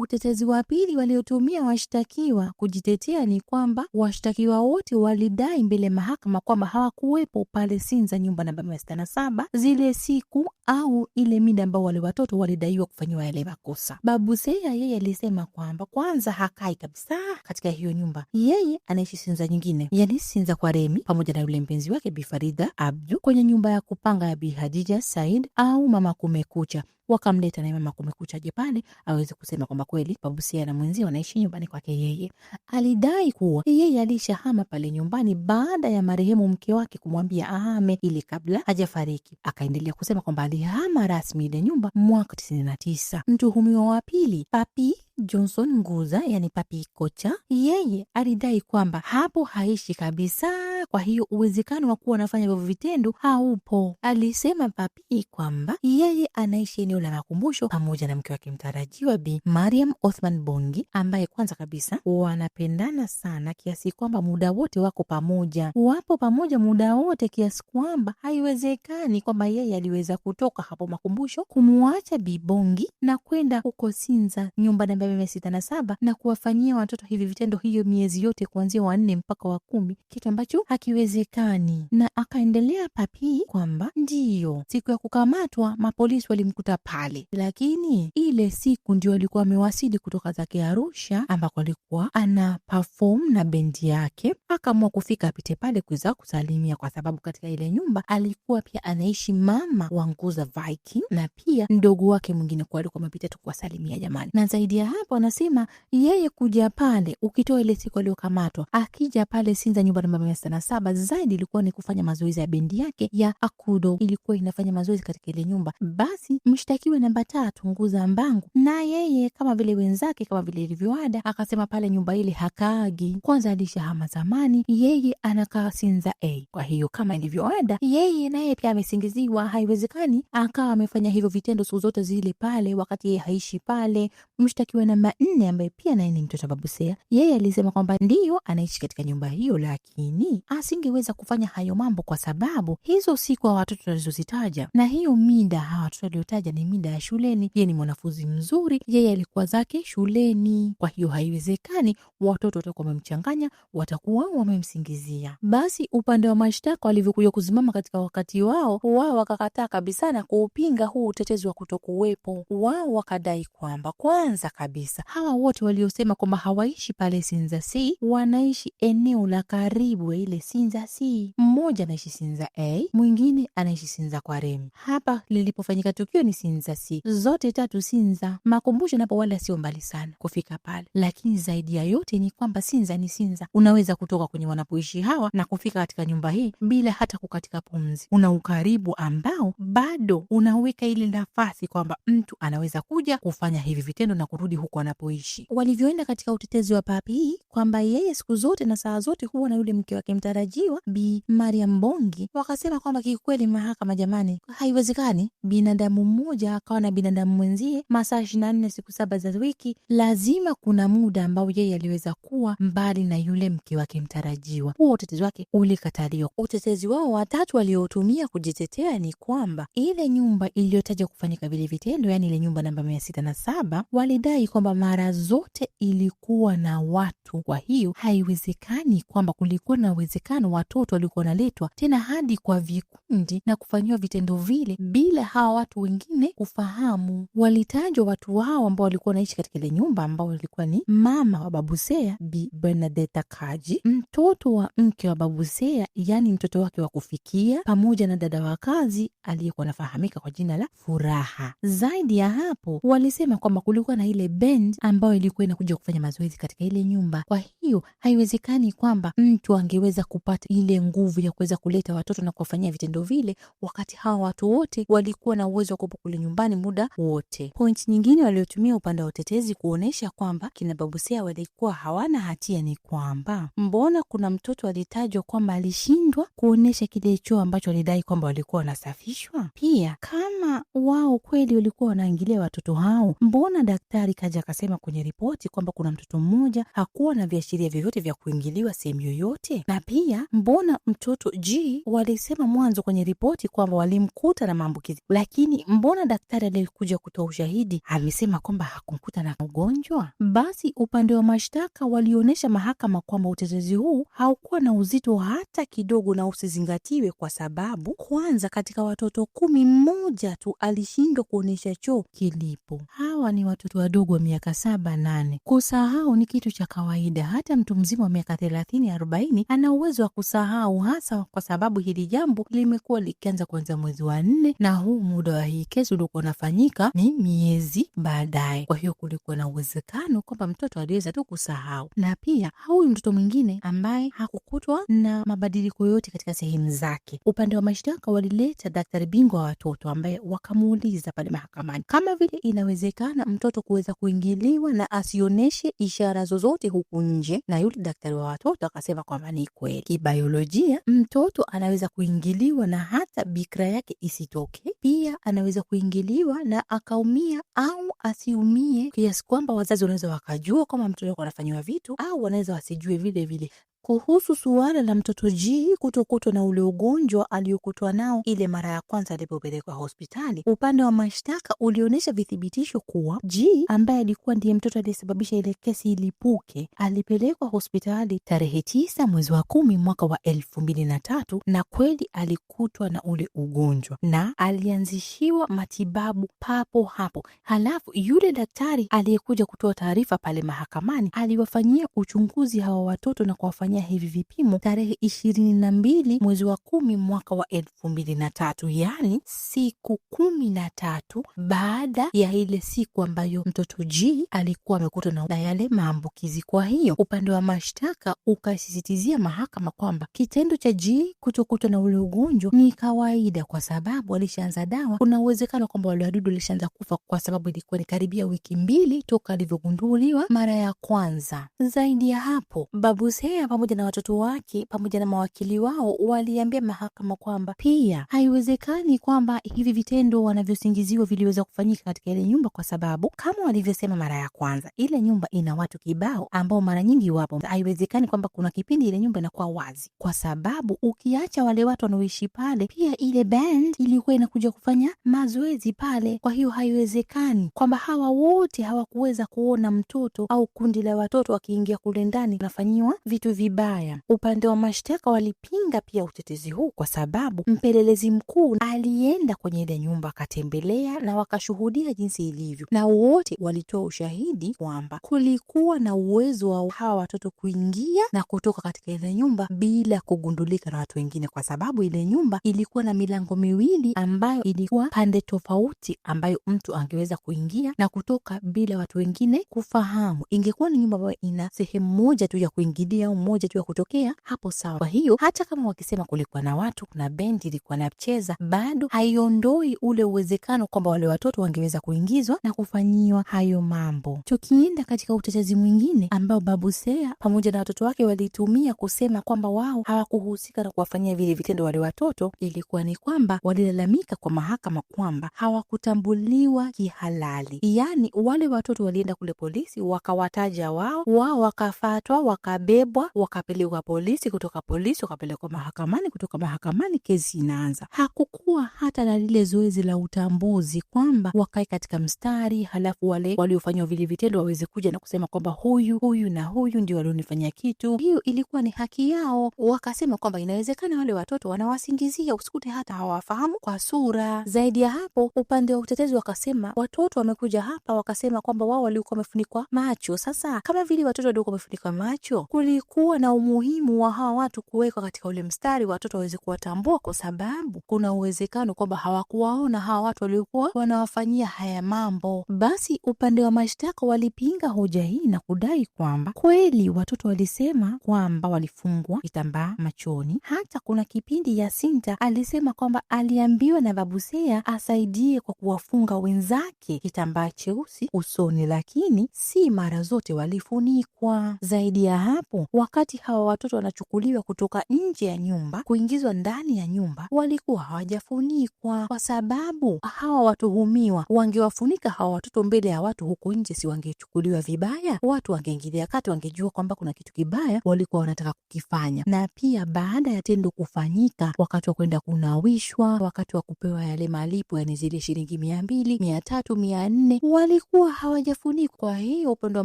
Utetezi wa pili waliotumia washtakiwa kujitetea ni kwamba washtakiwa wote walidai mbele mahakama kwamba hawakuwepo pale Sinza nyumba namba 67 zile siku au ile mida ambao wale watoto walidaiwa kufanyiwa yale makosa. Babu Zeya yeye alisema kwamba kwanza hakai kabisa katika hiyo nyumba, yeye anaishi Sinza nyingine, yani Sinza kwa Remi pamoja na yule mpenzi wake Bi Farida Abdu kwenye nyumba ya kupanga ya Bi Hadija Said au Mama Kumekucha wakamleta naye mama kumekucha je pale aweze kusema kwamba kweli babu Sia na mwenzie wanaishi nyumbani kwake. Yeye alidai kuwa yeye alishahama pale nyumbani baada ya marehemu mke wake kumwambia ahame ili kabla hajafariki. Akaendelea kusema kwamba ali hama rasmi ile nyumba mwaka 99. Mtuhumiwa wa pili Papi Johnson Nguza, yani Papi Kocha, yeye alidai kwamba hapo haishi kabisa kwa hiyo uwezekano wa kuwa anafanya hivyo vitendo haupo. Alisema Papi kwamba yeye anaishi eneo la makumbusho pamoja na mke wake mtarajiwa Bi Mariam Othman Bongi, ambaye kwanza kabisa wanapendana sana kiasi kwamba muda wote wako pamoja, wapo pamoja muda wote, kiasi kwamba haiwezekani kwamba yeye aliweza kutoka hapo makumbusho kumwacha Bi Bongi na kwenda huko Sinza, nyumba namba mia sita na saba na kuwafanyia watoto hivi vitendo, hiyo miezi yote kuanzia wanne mpaka wa kumi, kitu ambacho hakiwezekani, na akaendelea Papii kwamba ndiyo siku ya kukamatwa mapolisi walimkuta pale, lakini ile siku ndio alikuwa amewasili kutoka zake Arusha ambako alikuwa ana pafom na bendi yake. Akaamua kufika apite pale kuweza kusalimia, kwa sababu katika ile nyumba alikuwa pia anaishi mama wa Nguza Viking na pia mdogo wake mwingine, kuwa alikuwa amepita tu kuwasalimia jamani. Na zaidi ya hapo, anasema yeye kuja pale, ukitoa ile siku aliyokamatwa, akija pale Sinza nyumba namba mia saba zaidi ilikuwa ni kufanya mazoezi ya bendi yake ya Akudo ilikuwa inafanya mazoezi katika ile nyumba. Basi mshtakiwe namba tatu Nguza Mbangu, na yeye kama vile wenzake, kama vile ilivyoada, akasema pale nyumba ile hakaagi, kwanza alisha hama zamani, yeye anakaa Sinza A. Kwa hiyo kama ilivyoada, yeye naye pia amesingiziwa, haiwezekani akawa amefanya hivyo vitendo siku zote zile pale, wakati yeye haishi pale. Mshtakiwa namba nne ambaye pia naye ni mtoto Babusea, yeye alisema kwamba ndiyo anaishi katika nyumba hiyo, lakini asingeweza kufanya hayo mambo kwa sababu hizo si kwa watoto walizozitaja, na hiyo mida hawa watoto waliotaja ni mida ya shuleni. ye ni mwanafunzi mzuri, yeye alikuwa zake shuleni. Kwa hiyo haiwezekani watoto watakuwa wamemchanganya, watakuwa wamemsingizia. Basi upande wa mashtaka walivyokuja kusimama katika wakati wao, wao wakakataa kabisa na kuupinga huu utetezi wa kutokuwepo. Wao wakadai kwamba kwanza kabisa hawa wote waliosema kwamba hawaishi pale Sinza si wanaishi eneo la karibu ya ile Sinza C. Mmoja anaishi Sinza A, mwingine anaishi Sinza kwa rem Hapa lilipofanyika tukio ni Sinza C, zote tatu Sinza. Makumbusho napo wala sio mbali sana kufika pale, lakini zaidi ya yote ni kwamba Sinza ni Sinza. Unaweza kutoka kwenye wanapoishi hawa na kufika katika nyumba hii bila hata kukatika pumzi. Una ukaribu ambao bado unaweka ile nafasi kwamba mtu anaweza kuja kufanya hivi vitendo na kurudi huko anapoishi. Walivyoenda katika utetezi wa papi hii kwamba yeye siku zote na saa zote huwa na yule mke wake mtara mtarajiwa Bi Mariam Mbongi wakasema kwamba kiukweli, mahakama jamani, haiwezekani binadamu mmoja akawa na binadamu mwenzie masaa ishirini na nne siku saba za wiki. Lazima kuna muda ambao yeye aliweza kuwa mbali na yule mke wake mtarajiwa. Huo utetezi wake ulikataliwa. Utetezi wao watatu waliotumia kujitetea ni kwamba ile nyumba iliyotaja kufanyika vile vitendo, yaani ile nyumba namba mia sita na saba, walidai kwamba mara zote ilikuwa na watu, kwa hiyo haiwezekani kwamba kulikuwa na uwezekano uwezekano watoto walikuwa wanaletwa tena hadi kwa vikundi na kufanyiwa vitendo vile bila hawa watu wengine kufahamu. Walitajwa watu wao ambao walikuwa wanaishi katika ile nyumba, ambao walikuwa ni mama wa Babusea, Bi Bernadeta Kaji, mtoto wa mke wa Babusea, yaani mtoto wake wa kufikia, pamoja na dada wa kazi aliyekuwa anafahamika kwa jina la Furaha. Zaidi ya hapo, walisema kwamba kulikuwa na ile bend ambayo ilikuwa inakuja kufanya mazoezi katika ile nyumba, kwa hiyo haiwezekani kwamba mtu angeweza kupata ile nguvu ya kuweza kuleta watoto na kuwafanyia vitendo vile, wakati hawa watu wote walikuwa na uwezo wa kuwepo kule nyumbani muda wote. Point nyingine waliotumia upande wa utetezi kuonyesha kwamba kina Babuseya walikuwa hawana hatia ni kwamba mbona kuna mtoto alitajwa kwamba alishindwa kuonyesha kile choo ambacho alidai kwamba walikuwa wanasafishwa. Pia kama wao kweli walikuwa wanaingilia watoto hao, mbona daktari kaja akasema kwenye ripoti kwamba kuna mtoto mmoja hakuwa na viashiria vyovyote vya kuingiliwa sehemu yoyote na pia kuangalia mbona mtoto G walisema mwanzo kwenye ripoti kwamba walimkuta na maambukizi, lakini mbona daktari aliyekuja kutoa ushahidi amesema kwamba hakumkuta na ugonjwa? Basi upande wa mashtaka walionyesha mahakama kwamba utetezi huu haukuwa na uzito hata kidogo na usizingatiwe, kwa sababu kwanza, katika watoto kumi mmoja tu alishindwa kuonyesha choo kilipo. Hawa ni watoto wadogo wa miaka saba nane. Kusahau ni kitu cha kawaida, hata mtu mzima wa miaka thelathini arobaini ana uwezo wa kusahau, hasa kwa sababu hili jambo limekuwa likianza kuanzia mwezi wa nne, na huu muda wa hii kesi uliokuwa unafanyika ni miezi baadaye. Kwa hiyo kulikuwa na uwezekano kwamba mtoto aliweza tu kusahau, na pia huyu mtoto mwingine ambaye hakukutwa na mabadiliko yoyote katika sehemu zake. Upande wa mashtaka walileta daktari bingwa wa watoto ambaye wakamuuliza pale mahakamani kama vile inawezekana mtoto kuweza kuingiliwa na asionyeshe ishara zozote huku nje, na yule daktari wa watoto akasema kwamba ni kweli kibayolojia, mtoto anaweza kuingiliwa na hata bikra yake isitoke. Pia anaweza kuingiliwa na akaumia au asiumie, kiasi kwamba wazazi wanaweza wakajua kwamba mtoto anafanyiwa vitu, au wanaweza wasijue vile vile kuhusu suala la mtoto ji kutokutwa na ule ugonjwa aliokutwa nao ile mara ya kwanza alipopelekwa hospitali. Upande wa mashtaka ulionyesha vithibitisho kuwa ji ambaye alikuwa ndiye mtoto aliyesababisha ile kesi ilipuke alipelekwa hospitali tarehe tisa mwezi wa kumi mwaka wa elfu mbili na tatu na kweli alikutwa na ule ugonjwa na alianzishiwa matibabu papo hapo. Halafu yule daktari aliyekuja kutoa taarifa pale mahakamani aliwafanyia uchunguzi hawa watoto na kuwafanyia kufanya hivi vipimo tarehe ishirini na mbili mwezi wa kumi mwaka wa elfu mbili na tatu yaani siku kumi na tatu baada ya ile siku ambayo mtoto G alikuwa amekutwa na yale maambukizi. Kwa hiyo upande wa mashtaka ukasisitizia mahakama kwamba kitendo cha G kutokutwa na ule ugonjwa ni kawaida, kwa sababu alishaanza dawa. Kuna uwezekano kwamba wale wadudu walishaanza kufa, kwa sababu ilikuwa ni karibia wiki mbili toka alivyogunduliwa mara ya kwanza. Zaidi ya hapo, babu Seya pamoja pamoja na watoto wake pamoja na mawakili wao waliambia mahakama kwamba pia haiwezekani kwamba hivi vitendo wanavyosingiziwa viliweza kufanyika katika ile nyumba, kwa sababu kama walivyosema mara ya kwanza, ile nyumba ina watu kibao ambao mara nyingi wapo. Haiwezekani kwamba kuna kipindi ile nyumba inakuwa wazi, kwa sababu ukiacha wale watu wanaoishi pale, pia ile band ilikuwa inakuja kufanya mazoezi pale. Kwa hiyo haiwezekani kwamba hawa wote hawakuweza kuona mtoto au kundi la watoto wakiingia kule ndani unafanyiwa vitu vi vibaya. Upande wa mashtaka walipinga pia utetezi huu kwa sababu mpelelezi mkuu alienda kwenye ile nyumba akatembelea na wakashuhudia jinsi ilivyo, na wote walitoa ushahidi kwamba kulikuwa na uwezo wa hawa watoto kuingia na kutoka katika ile nyumba bila kugundulika na watu wengine, kwa sababu ile nyumba ilikuwa na milango miwili ambayo ilikuwa pande tofauti, ambayo mtu angeweza kuingia na kutoka bila watu wengine kufahamu. Ingekuwa ni nyumba ambayo ina sehemu moja tu ya kuingilia au moja moja tu ya kutokea hapo, sawa. Kwa hiyo hata kama wakisema kulikuwa na watu, kuna bendi ilikuwa nacheza, bado haiondoi ule uwezekano kwamba wale watoto wangeweza kuingizwa na kufanyiwa hayo mambo. Tukienda katika utetezi mwingine ambao Babu Seya pamoja na watoto wake walitumia kusema kwamba wao hawakuhusika na kuwafanyia vile vitendo wale watoto, ilikuwa ni kwamba walilalamika kwa mahakama kwamba hawakutambuliwa kihalali. Yaani wale watoto walienda kule polisi, wakawataja wao, wao wakafatwa, wakabebwa, waka wakapelekwa polisi, kutoka polisi wakapelekwa mahakamani, kutoka mahakamani kesi inaanza. Hakukuwa hata na lile zoezi la utambuzi kwamba wakae katika mstari, halafu wale waliofanyiwa vile vitendo waweze kuja na kusema kwamba huyu huyu na huyu ndio walionifanyia kitu. Hiyo ilikuwa ni haki yao. Wakasema kwamba inawezekana wale watoto wanawasingizia, usikute hata hawafahamu kwa sura. Zaidi ya hapo, upande wa utetezi wakasema watoto wamekuja hapa, wakasema kwamba wao walikuwa wamefunikwa macho. Sasa kama vile watoto walikuwa wamefunikwa macho, kulikuwa na umuhimu wa hawa watu kuwekwa katika ule mstari, watoto waweze kuwatambua, kwa sababu kuna uwezekano kwamba hawakuwaona hawa watu waliokuwa wanawafanyia haya mambo. Basi upande wa mashtaka walipinga hoja hii na kudai kwamba kweli watoto walisema kwamba walifungwa kitambaa machoni. Hata kuna kipindi Yasinta alisema kwamba aliambiwa na Babusea asaidie kwa kuwafunga wenzake kitambaa cheusi usoni, lakini si mara zote walifunikwa. Zaidi ya hapo, wakati wakati hawa watoto wanachukuliwa kutoka nje ya nyumba kuingizwa ndani ya nyumba, walikuwa hawajafunikwa, kwa sababu hawa watuhumiwa wangewafunika hawa watoto mbele ya watu huko nje, si wangechukuliwa vibaya? Watu wangeingilia kati, wangejua kwamba kuna kitu kibaya walikuwa wanataka kukifanya. Na pia baada ya tendo kufanyika, wakati wa kwenda kunawishwa, wakati wa kupewa yale malipo, yani zile shilingi mia mbili, mia tatu, mia nne, walikuwa hawajafunikwa. Kwa hiyo upande wa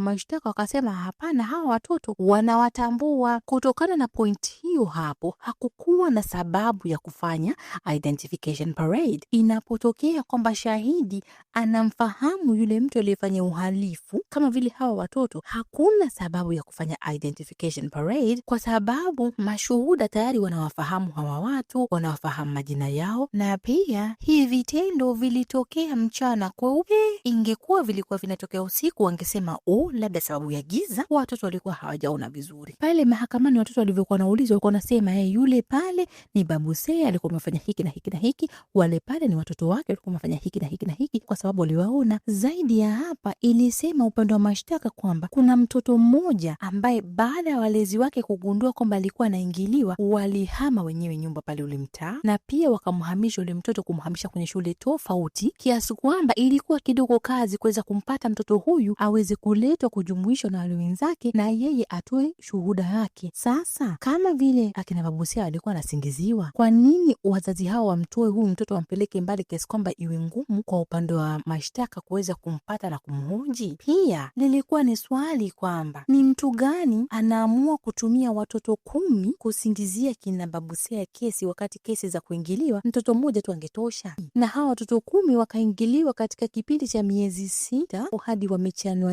mashtaka wakasema, hapana, hawa watoto wanawatambua kuwa kutokana na pointi hiyo hapo hakukuwa na sababu ya kufanya identification parade. Inapotokea kwamba shahidi anamfahamu yule mtu aliyefanya uhalifu kama vile hawa watoto, hakuna sababu ya kufanya identification parade kwa sababu mashuhuda tayari wanawafahamu hawa watu, wanawafahamu majina yao, na pia hii vitendo vilitokea mchana kweupe. Ingekuwa vilikuwa vinatokea usiku, wangesema oh, labda sababu ya giza, watoto walikuwa hawajaona vizuri pale pale mahakamani watoto walivyokuwa naulizwa walikuwa nasema hey, eh, yule pale ni babuse alikuwa amefanya hiki na hiki na hiki, wale pale ni watoto wake walikuwa wamefanya hiki na hiki na hiki, kwa sababu waliwaona zaidi ya hapa. Ilisema upande wa mashtaka kwamba kuna mtoto mmoja ambaye baada ya walezi wake kugundua kwamba alikuwa anaingiliwa, walihama wenyewe nyumba pale ule mtaa, na pia wakamhamisha ule mtoto, kumhamisha kwenye shule tofauti, kiasi kwamba ilikuwa kidogo kazi kuweza kumpata mtoto huyu aweze kuletwa kujumuishwa na wale wenzake na yeye atoe shuhuda yake. Sasa kama vile akina Babusia walikuwa wanasingiziwa, kwa nini wazazi hao wamtoe huyu mtoto wampeleke mbali kiasi kwamba iwe ngumu kwa upande wa mashtaka kuweza kumpata na kumhoji? Pia lilikuwa ni swali kwamba ni mtu gani anaamua kutumia watoto kumi kusingizia kina Babusia kesi, wakati kesi za kuingiliwa mtoto mmoja tu angetosha, na hawa watoto kumi wakaingiliwa katika kipindi cha miezi sita hadi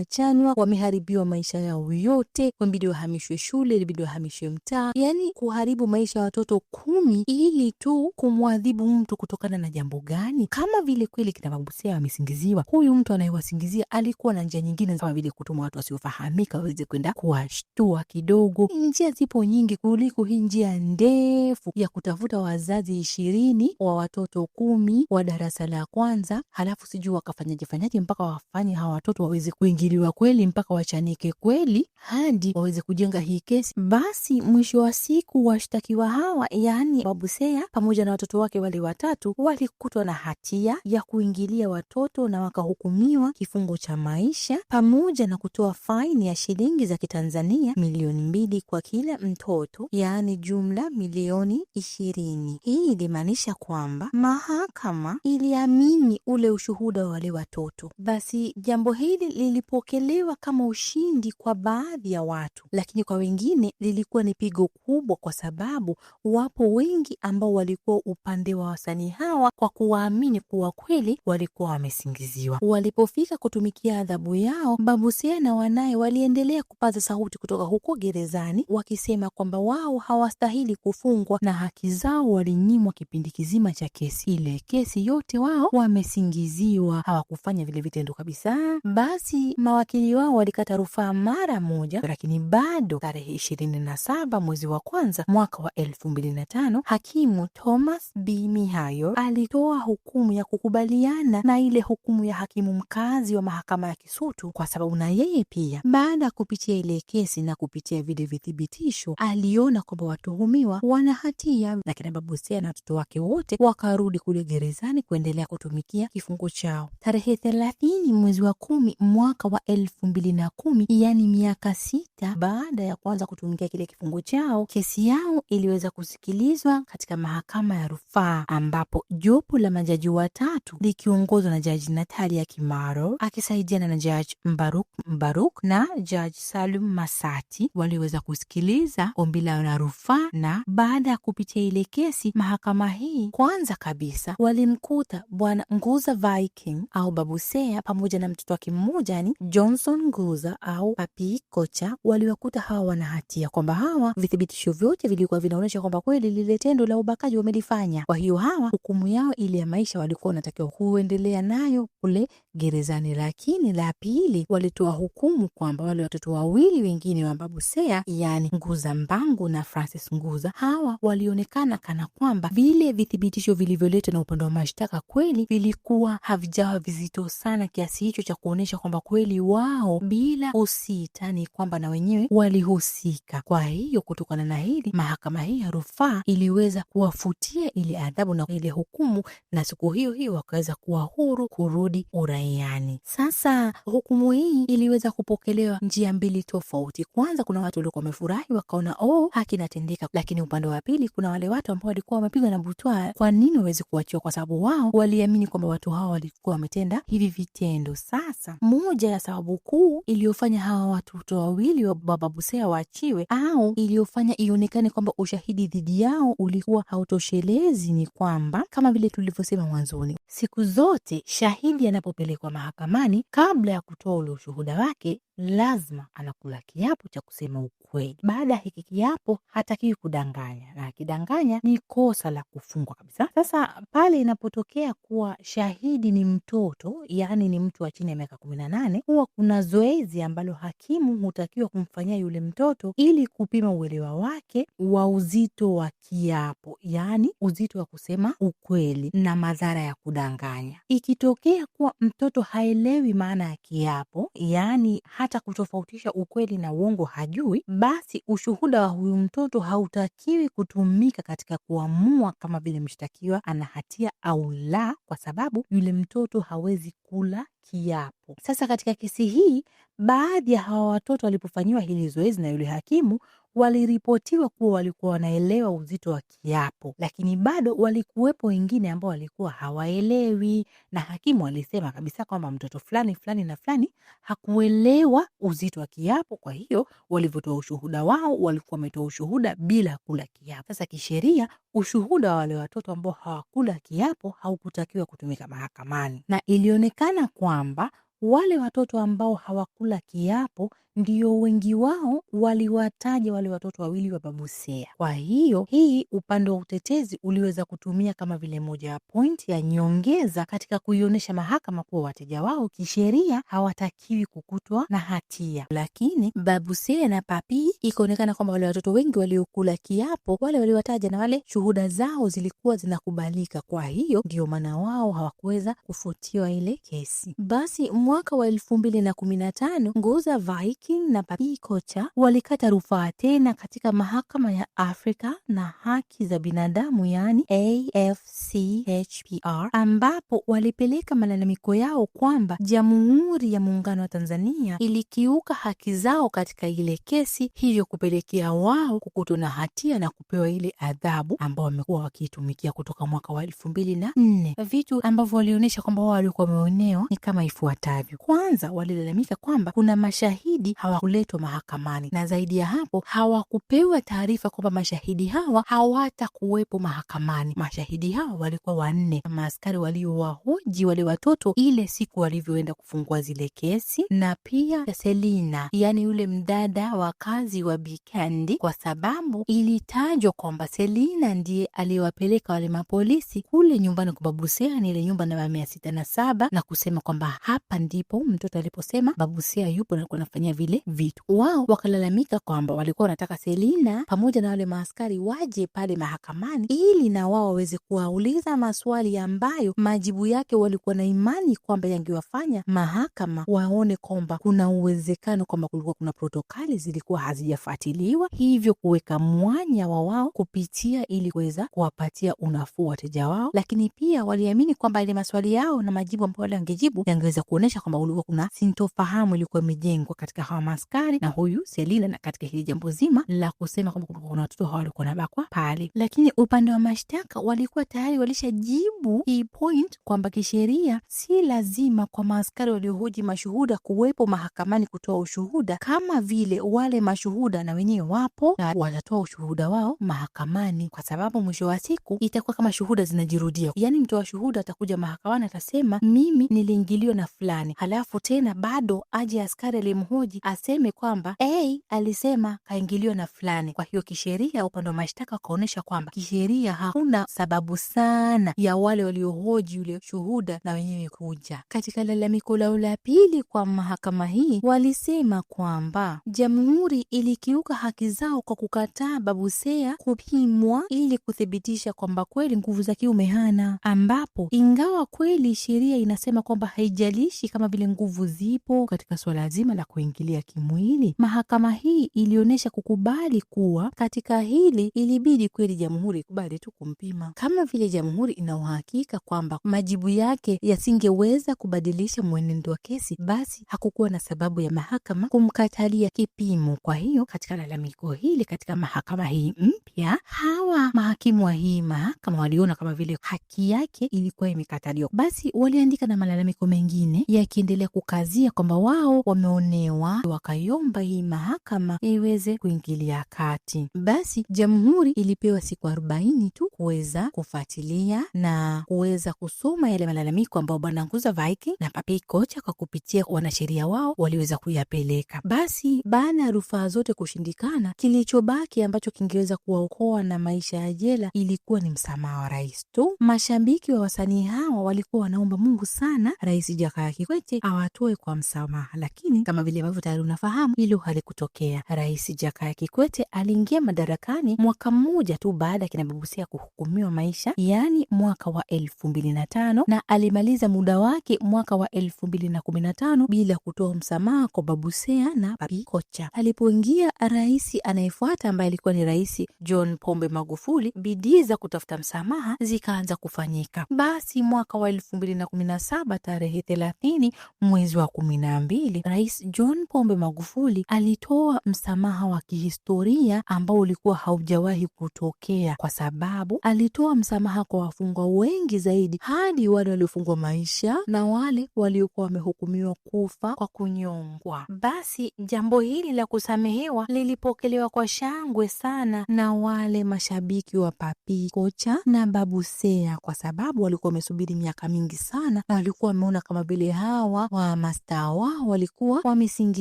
chanwa, wameharibiwa maisha yao yote, wambidi wahamishwe shule shule, ilibidi wahamishiwe mtaa, yaani kuharibu maisha ya watoto kumi ili tu kumwadhibu mtu kutokana na jambo gani? Kama vile kweli kina Mabusela wamesingiziwa, huyu mtu anayewasingizia alikuwa na njia nyingine, kama vile kutuma watu wasiofahamika waweze kwenda kuwashtua kidogo. Njia zipo nyingi kuliko hii njia ndefu ya kutafuta wazazi ishirini wa watoto kumi wa darasa la kwanza, halafu sijui wakafanyaje fanyaje mpaka wafanye hawa watoto waweze kuingiliwa kweli, mpaka wachanike kweli, hadi waweze kujenga hii kesi. Basi mwisho wa siku washtakiwa hawa, yaani wabusea pamoja na watoto wake wale watatu, walikutwa na hatia ya kuingilia watoto na wakahukumiwa kifungo cha maisha pamoja na kutoa faini ya shilingi za Kitanzania milioni mbili kwa kila mtoto, yaani jumla milioni ishirini. Hii ilimaanisha kwamba mahakama iliamini ule ushuhuda wa wale watoto. Basi jambo hili lilipokelewa kama ushindi kwa baadhi ya watu, lakini kwa wengi wengine lilikuwa ni pigo kubwa, kwa sababu wapo wengi ambao walikuwa upande wa wasanii hawa kwa kuwaamini kuwa kweli walikuwa wamesingiziwa. Walipofika kutumikia adhabu yao, babusea na wanaye waliendelea kupaza sauti kutoka huko gerezani, wakisema kwamba wao hawastahili kufungwa na haki zao walinyimwa kipindi kizima cha kesi ile. Kesi yote wao wamesingiziwa, hawakufanya vile vitendo kabisa. Basi mawakili wao walikata rufaa mara moja, lakini bado tarehe tarehe 27 mwezi wa kwanza mwaka wa 2005, hakimu Thomas B. Mihayo alitoa hukumu ya kukubaliana na ile hukumu ya hakimu mkazi wa mahakama ya Kisutu, kwa sababu na yeye pia baada ya kupitia ile kesi na kupitia vile vithibitisho aliona kwamba watuhumiwa wana hatia, na kina babu Sea na watoto wake wote wakarudi kule gerezani kuendelea kutumikia kifungo chao. Tarehe 30 mwezi wa kumi mwaka wa 2010, yani miaka sita baada ya kwanza kuanza kutumikia kile kifungu chao, kesi yao iliweza kusikilizwa katika mahakama ya rufaa, ambapo jopo la majaji watatu likiongozwa na jaji Natalia Kimaro akisaidiana na jaji Mbaruk Mbaruk na jaji Salum Masati waliweza kusikiliza ombi lao la rufaa, na baada ya kupitia ile kesi, mahakama hii kwanza kabisa walimkuta bwana Nguza Viking au Babu Seya pamoja na mtoto wake mmoja, yani Johnson Nguza au Papi Kocha, waliwakuta hawa wana hatia kwamba hawa vithibitisho vyote vilikuwa vinaonyesha kwamba kweli lile tendo la ubakaji wamelifanya. Kwa hiyo hawa hukumu yao ile ya maisha walikuwa wanatakiwa kuendelea nayo kule gerezani. Lakini la pili, walitoa hukumu kwamba wale watoto wawili wengine wa Babu Seya, yani Nguza Mbangu na Francis Nguza, hawa walionekana kana kwamba vile vithibitisho vilivyoletwa na upande wa mashtaka kweli vilikuwa havijawa vizito sana kiasi hicho cha kuonyesha kwamba kweli wao bila husita ni kwamba na wenyewe walihusi husika. Kwa hiyo kutokana na hili, mahakama hii ya rufaa iliweza kuwafutia ile adhabu na ile hukumu, na siku hiyo hiyo wakaweza kuwa huru kurudi uraiani. Sasa hukumu hii iliweza kupokelewa njia mbili tofauti. Kwanza, kuna watu waliokuwa wamefurahi wakaona oh, haki inatendeka, lakini upande wa pili kuna wale watu ambao walikuwa wamepigwa na butwaa, kwa nini waweze kuachiwa? Kwa sababu wao waliamini kwamba watu hawa walikuwa wametenda hivi vitendo. Sasa moja ya sababu kuu iliyofanya hawa watoto wawili wa baba wa ifichiwe au iliyofanya ionekane kwamba ushahidi dhidi yao ulikuwa hautoshelezi ni kwamba kama vile tulivyosema mwanzoni, siku zote shahidi anapopelekwa mahakamani, kabla ya kutoa ule ushuhuda wake, lazima anakula kiapo cha kusema ukweli. Baada ya hiki kiapo hatakiwi kudanganya, na akidanganya ni kosa la kufungwa kabisa. Sasa pale inapotokea kuwa shahidi ni mtoto, yaani ni mtu wa chini ya miaka kumi na nane, huwa kuna zoezi ambalo hakimu hutakiwa kumfanyia yule mtoto ili kupima uelewa wake wa uzito wa kiapo, yaani uzito wa kusema ukweli na madhara ya kudanganya. Ikitokea kuwa mtoto haelewi maana ya kiapo, yaani hata kutofautisha ukweli na uongo hajui, basi ushuhuda wa huyu mtoto hautakiwi kutumika katika kuamua kama vile mshtakiwa ana hatia au la, kwa sababu yule mtoto hawezi kula kiapo. Sasa katika kesi hii, baadhi ya hawa watoto walipofanyiwa hili zoezi na yule hakimu waliripotiwa kuwa walikuwa wanaelewa uzito wa kiapo, lakini bado walikuwepo wengine ambao walikuwa hawaelewi, na hakimu alisema kabisa kwamba mtoto fulani fulani na fulani hakuelewa uzito wa kiapo. Kwa hiyo walivyotoa ushuhuda wao, walikuwa wametoa ushuhuda bila kula kiapo. Sasa kisheria, ushuhuda wa wale watoto ambao hawakula kiapo haukutakiwa kutumika mahakamani, na ilionekana kwamba wale watoto ambao hawakula kiapo ndio wengi wao waliwataja wale watoto wawili wa babu Seya. Kwa hiyo hii upande wa utetezi uliweza kutumia kama vile moja ya pointi ya nyongeza katika kuionyesha mahakama kuwa wateja wao kisheria hawatakiwi kukutwa na hatia, lakini babu Seya na Papi ikaonekana kwamba wale watoto wengi waliokula kiapo wale waliwataja na wale shuhuda zao zilikuwa zinakubalika, kwa hiyo ndio maana wao hawakuweza kufutiwa ile kesi. Basi mwaka wa elfu mbili na kumi na tano Nguza Vaik King na Papi Kocha walikata rufaa tena katika mahakama ya Afrika na haki za binadamu yani AFCHPR, ambapo walipeleka malalamiko yao kwamba Jamhuri ya Muungano wa Tanzania ilikiuka haki zao katika ile kesi, hivyo kupelekea wao kukutwa na hatia na kupewa ile adhabu ambao wamekuwa wakiitumikia kutoka mwaka wa elfu mbili na nne. Vitu ambavyo walionyesha kwamba wao walikuwa wameonewa ni kama ifuatavyo. Kwanza, walilalamika kwamba kuna mashahidi mashahidi hawakuletwa mahakamani, na zaidi ya hapo hawakupewa taarifa kwamba mashahidi hawa hawatakuwepo mahakamani. Mashahidi hawa walikuwa wanne, na maaskari waliowahoji wale watoto ile siku walivyoenda kufungua zile kesi, na pia Selina, yaani yule mdada wa kazi wa Bikandi, kwa sababu ilitajwa kwamba Selina ndiye aliyewapeleka wale mapolisi kule nyumbani kwa Babu Sea, ni ile nyumba namba mia sita na saba, na kusema kwamba hapa ndipo mtoto aliposema Babu Sea yupo na alikuwa vile vitu. Wao wakalalamika kwamba walikuwa wanataka Selina pamoja na wale maaskari waje pale mahakamani ili na wao waweze kuwauliza maswali ambayo majibu yake walikuwa na imani kwamba yangewafanya mahakama waone kwamba kuna uwezekano kwamba kulikuwa kuna protokali zilikuwa hazijafuatiliwa, hivyo kuweka mwanya wa wao kupitia ili kuweza kuwapatia unafuu wateja wao. Lakini pia waliamini kwamba ile maswali yao na majibu ambayo wale wangejibu yangeweza kuonyesha kwamba ulikuwa kuna sintofahamu ilikuwa imejengwa katika hawa maskari na huyu Selina na katika hili jambo zima la kusema kwamba kuna watoto hawa walikuwa nabakwa pale, lakini upande wa mashtaka walikuwa tayari walishajibu hii point kwamba kisheria si lazima kwa maaskari waliohoji mashuhuda kuwepo mahakamani kutoa ushuhuda, kama vile wale mashuhuda na wenyewe wapo na watatoa ushuhuda wao mahakamani, kwa sababu mwisho wa siku itakuwa kama shuhuda zinajirudia. Yani mtoa shuhuda atakuja mahakamani atasema mimi niliingiliwa na fulani, halafu tena bado aje askari aliyemhoji aseme kwamba A alisema kaingiliwa na fulani. Kwa hiyo kisheria, upande wa mashtaka ukaonyesha kwamba kisheria hakuna sababu sana ya wale waliohoji yule shuhuda na wenyewe kuja. Katika lalamiko lao la pili kwa mahakama hii, walisema kwamba jamhuri ilikiuka haki zao kwa kukataa babusea kupimwa ili kuthibitisha kwamba kweli nguvu za kiume hana, ambapo ingawa kweli sheria inasema kwamba haijalishi kama vile nguvu zipo katika suala zima la kuingilia ajili ya kimwili. Mahakama hii ilionyesha kukubali kuwa katika hili ilibidi kweli jamhuri ikubali tu kumpima, kama vile jamhuri ina uhakika kwamba majibu yake yasingeweza kubadilisha mwenendo wa kesi, basi hakukuwa na sababu ya mahakama kumkatalia kipimo. Kwa hiyo katika lalamiko hili katika mahakama hii mpya, hawa mahakimu wa hii mahakama waliona kama vile haki yake ilikuwa imekataliwa, basi waliandika na malalamiko mengine yakiendelea kukazia kwamba wao wameonewa wakaiomba hii mahakama iweze kuingilia kati. Basi jamhuri ilipewa siku arobaini tu kuweza kufuatilia na kuweza kusoma yale malalamiko ambayo bwana vaiki na Papi Kocha kwa kupitia wanasheria wao waliweza kuyapeleka. Basi baada ya rufaa zote kushindikana, kilichobaki ambacho kingeweza kuwaokoa na maisha ya jela ilikuwa ni msamaha wa rais tu. Mashabiki wa wasanii hawa walikuwa wanaomba Mungu sana Rais Jakaya Kikwete awatoe kwa msamaha, lakini kama vile ambavyo tayari unafahamu hilo halikutokea. Rais Jakaya Kikwete aliingia madarakani mwaka mmoja tu baada ya kina kuhukumiwa maisha, yaani mwaka wa elfu mbili na tano na alimaliza muda wake mwaka wa elfu mbili na kumi na tano bila kutoa msamaha kwa babusea na Papi Kocha. Alipoingia rais anayefuata ambaye alikuwa ni Rais John Pombe Magufuli, bidii za kutafuta msamaha zikaanza kufanyika. Basi mwaka wa elfu mbili na kumi na saba tarehe thelathini mwezi wa kumi na mbili Rais John Pombe Pombe Magufuli alitoa msamaha wa kihistoria ambao ulikuwa haujawahi kutokea, kwa sababu alitoa msamaha kwa wafungwa wengi zaidi, hadi wale waliofungwa maisha na wale waliokuwa wamehukumiwa kufa kwa kunyongwa. Basi jambo hili la kusamehewa lilipokelewa kwa shangwe sana na wale mashabiki wa Papi Kocha na Babu Seya, kwa sababu walikuwa wamesubiri miaka mingi sana na walikuwa wameona kama vile hawa wa mastaa wao walikuwa wamesingi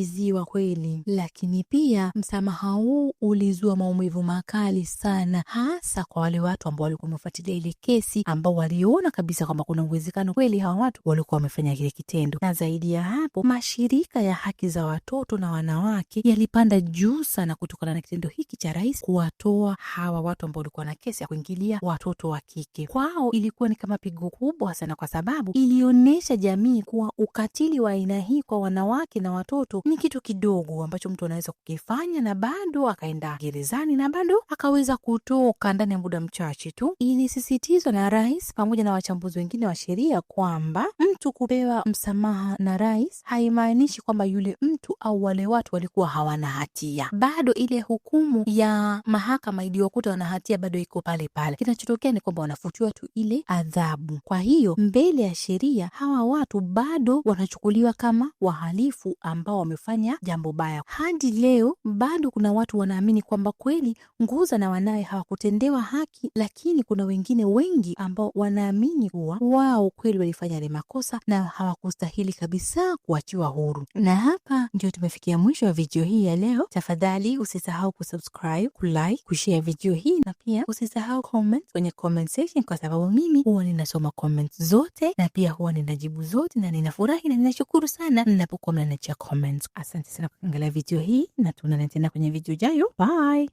alisingiziwa kweli, lakini pia msamaha huu ulizua maumivu makali sana, hasa kwa wale watu ambao walikuwa wamefuatilia ile kesi, ambao waliona kabisa kwamba kuna uwezekano kweli hawa watu walikuwa wamefanya kile kitendo. Na zaidi ya hapo, mashirika ya haki za watoto na wanawake yalipanda juu sana kutokana na kitendo hiki cha rais kuwatoa hawa watu ambao walikuwa na kesi ya kuingilia watoto wa kike. Kwao ilikuwa ni kama pigo kubwa sana, kwa sababu ilionyesha jamii kuwa ukatili wa aina hii kwa wanawake na watoto ni kitu kidogo ambacho mtu anaweza kukifanya na bado akaenda gerezani na bado akaweza kutoka ndani ya muda mchache tu. Ilisisitizwa na rais pamoja na wachambuzi wengine wa sheria kwamba mtu kupewa msamaha na rais haimaanishi kwamba yule mtu au wale watu walikuwa hawana hatia, bado ile hukumu ya mahakama iliyokuta wana hatia bado iko pale pale. Kinachotokea ni kwamba wanafutiwa tu ile adhabu. Kwa hiyo mbele ya sheria hawa watu bado wanachukuliwa kama wahalifu ambao wame waliofanya jambo baya. Hadi leo bado kuna watu wanaamini kwamba kweli Nguza na wanawe hawakutendewa haki, lakini kuna wengine wengi ambao wanaamini kuwa wao kweli walifanya yale makosa na hawakustahili kabisa kuachiwa huru. Na hapa ndio tumefikia mwisho wa video hii ya leo. Tafadhali usisahau kusubscribe, kulike, kushare video hii na pia usisahau comment kwenye comment section, kwa sababu mimi huwa ninasoma comment zote na pia huwa ninajibu zote na ninafurahi na ninashukuru sana ninapokuwa mnaniachia comments. Asante sana kwa kuangalia video hii na tuonane tena kwenye video jayo Bye.